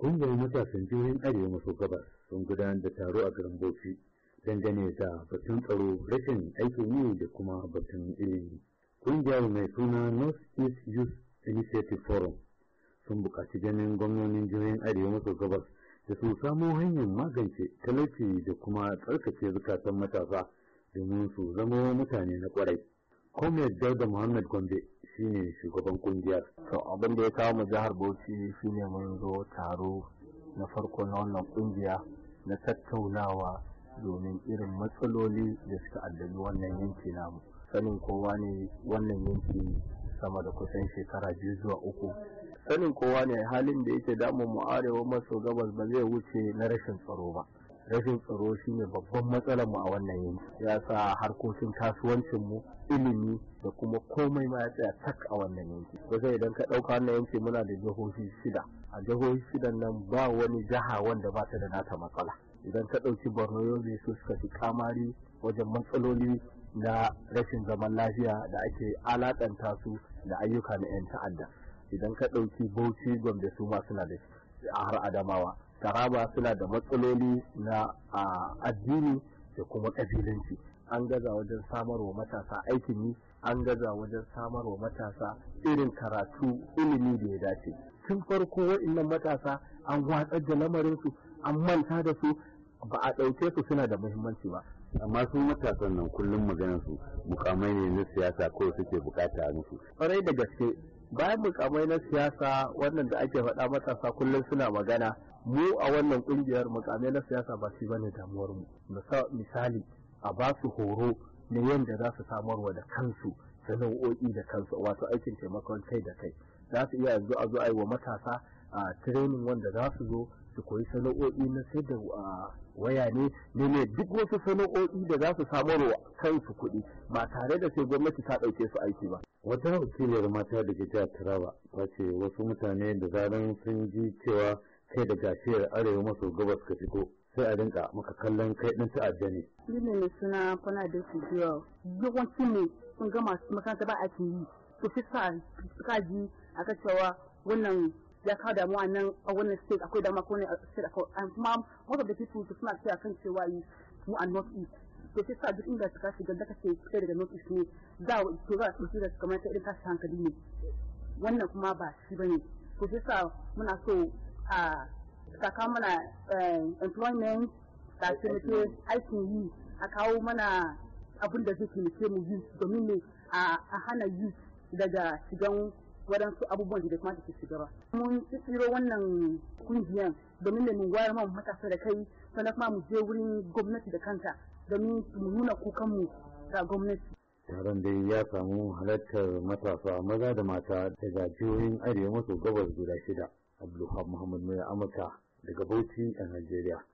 Ƙungiyar matasan jirgin Arewa maso gabas sun gudanar da taro a garin Bauchi dangane da batun tsaro rashin aikin yi da kuma batun ilimi. Ƙungiyar mai suna North East Youth Initiative Forum sun buƙaci ganin gwamnonin jirgin Arewa maso gabas da su samo hanyar magance talauci da kuma tsarkace zukatan matasa domin su zama mutane na kwarai. Komai Dauda Muhammad Gombe shine shugaban kungiyar to abin da ya kawo mu jihar bauchi shine mun zo taro na farko na wannan kungiya na tattaunawa domin irin matsaloli da suka addabi wannan yanki namu sanin kowa ne wannan yanki sama da kusan shekara biyu zuwa uku sanin kowa ne halin da yake damun mu arewa maso gabas ba zai wuce na rashin tsaro ba rashin tsaro ne babban matsalar mu a wannan yanki ya sa harkokin kasuwancin mu ilimi da kuma komai ma ya tsaya tak a wannan yanki kusa idan ka ɗauka wannan yanki muna da jihohi shida a jihohi shidan nan ba wani jiha wanda ba ta da nata matsala idan ka ɗauki borno yobe su suka fi kamari wajen matsaloli na rashin zaman lafiya da ake alakanta su da ayyuka na 'yan ta'adda idan ka ɗauki bauchi gombe su ma suna da har adamawa taraba suna da matsaloli na addini da kuma ƙabilanci an gaza wajen samar wa matasa aikin yi an gaza wajen samar wa matasa irin karatu ilimi da ya dace tun farko wa'annan matasa an watsar da lamarinsu an manta da su ba a ɗauke su suna da muhimmanci ba amma su matasan nan kullum maganarsu, su mukamai ne na siyasa kawai suke bukata musu kwarai da gaske bayan mukamai na siyasa wannan da ake faɗa matasa kullum suna magana mu a wannan ƙungiyar mukamai na siyasa ba shi bane damuwar mu misali a ba su horo na yadda za su samarwa da kansu sana'o'i da kansu wato aikin taimakon kai da kai za su iya yanzu a yi wa matasa a training wanda za su zo su koyi sana'o'i na sai da ah, waya ne ne duk wasu sana'o'i da za su samar wa kansu kuɗi ba tare da sai gwamnati ta ɗauke su aiki ba. Wata wakiliyar mata da ke jihar Taraba ta ce wasu mutane da zaran sun ji cewa kai da gashiyar arewa maso gabas ka shigo sai a rinka maka kallon kai ɗin ta'adda ne. Lili ne suna kwana da su biyu yawanci ne sun gama makaranta ba a yi su fi sa ji a cewa wannan ya kawo a nan a wannan state akwai dama ko ne a state akwai and um, kuma most of the people su suna cewa kan cewa yi mu a north east to sai sa duk inda suka shiga da kace kai daga north east ne za a to za a ɗauki da kamar ta irin tashi hankali ne wannan kuma ba shi ba ne to sai sa muna so a saka mana eh, employment da taimake aikin yi a kawo mana abin da zai taimake mu yi domin ne a hana yi daga shigan waɗansu abubuwan da kuma su shiga ba mun tsiro wannan kungiyan domin da mun wayar ma matasa da kai sannan kuma mu je wurin gwamnati da kanta domin mu nuna kukanmu ga gwamnati taron dai ya samu halartar matasa maza da mata daga jihohin arewa maso gabas guda shida abdulhamid muhammad mai amurka daga bauchi a najeriya